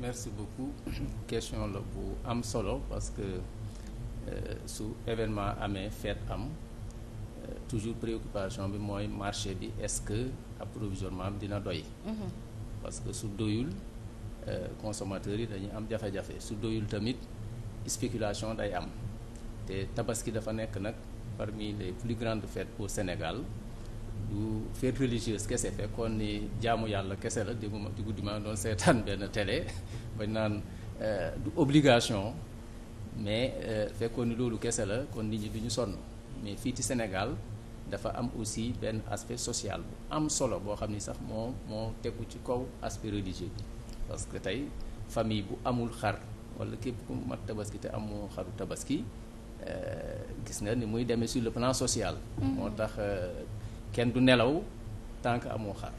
merci beaucoup question la bu am solo parce que euh, su événement amee fête am euh, toujours préoccupation bi mooy marché bi est-ce que approvisionnement dina doy mm-hmm. parce que su doyul euh, consommateurs yi dañuy am jafe-jafe su doyul tamit spéculation day am te tabaski dafa nekk nag parmi les plus grandes fêtes au Sénégal du fête religieuse kese fekkoon ni jaamu yàlla kese la di ma di guddi maa doon seetaan benn télé bañ naan euh, du obligation mais euh, fekkoon ni loolu kese la kon nit ñi du ñu sonn mais fii ci Sénégal dafa am aussi benn aspect social bu am solo boo xam ni sax moo moo tegu ci kaw aspect religieux bi parce que tey famille bu amul xar wala képp ku mat tabaski te amoo xaru tabaski euh, gis nga ni muy demee sur le plan social mm. moo tax kenn du nelaw tant que amoo xar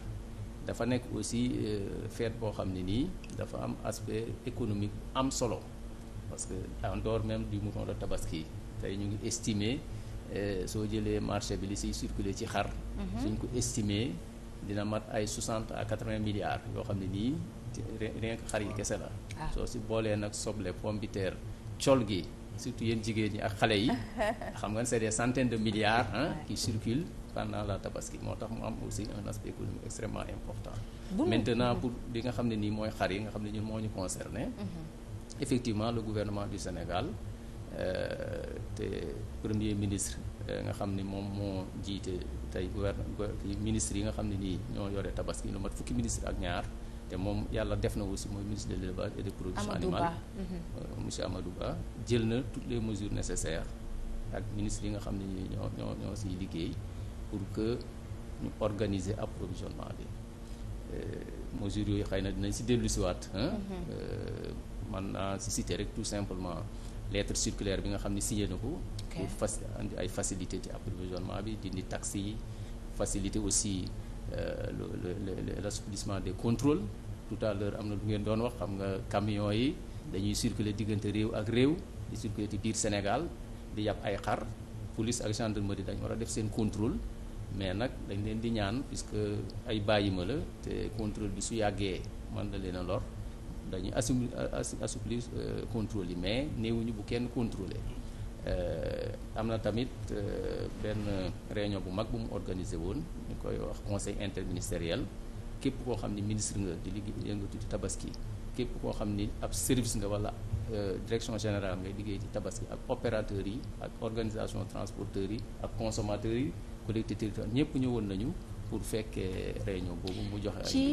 dafa nekk aussi euh, fête boo xam ne nii dafa am aspect économique am solo parce que en dehors même mu mouton de tabaski tey ñu ngi estimer euh, soo jëlee marché bi li siy circuler ci xar. Mhm. suñ ko estimer dina mat ay 60 à 80 milliards yoo xam ne nii rien que xar yi kese la. Ah. soo si boolee nag soble pomme de col gi surtout yéen jigéen ñi ak xale yi. xam nga c'est des centaines de milliards hein qui circulent. pendant la tabaski moo tax mu am aussi un aspect économique extrêmement important maintenant pour li nga xam ne nii mooy xar yi nga xam ne ñun moo ñu concerné mm-hmm. effectivement le gouvernement du Sénégal euh, te premier ministre euh, nga xam ni moom moo jiite tey gouvernement ministre yi nga xam ne nii ñoo yore tabaski lu mat fukki ministre ak ñaar te moom yàlla def na aussi mooy ministre de l'élevage et des productions animales mm-hmm. euh, monsieur Amadou Ba jël na toutes les mesures nécessaires ak ministre yi nga xam ne ñoo ñoo ñoo siy liggéey pour que ñu organiser approvisionnement bi euh, mesures yooyu xëy na dinañ si dellu si waat mhm. euh, man naa si citer rek tout simplement lettre circulaire bi nga xam ne signé na ko pour fas andi ay facilité ci approvisionnement bi dindi taxes yi facilité aussi euh, le le l'assouplissement des contrôles tout à l'heure am na lu ngeen doon wax xam nga camions yi dañuy circuler diggante réew ak réew di circuler ci biir Sénégal di yàpp ay xar police ak gendarmerie dañ war a def seen contrôle mais nag dañ leen di ñaan puisque ay bàyyi ma la te contrôle bi su yàggee mën na leen a lor dañuy assum assouplir euh, contrôle yi mais néewuñu bu kenn contrôler euh, am na tamit euh, benn réunion bu mag bu mu organisé woon ñu koy wax conseil interministériel képp koo xam ni ministre nga di liggéey yëngatu ci tabaski képp koo xam ni ab service nga walla direction général ngay liggéey ci tabaski ak opérateurs yi ak organisation transporteurs yi ak consommateurs yi collectivités territoriales ñëpp ñëwoon nañu pour fekkee réunion boobu mu joxe ay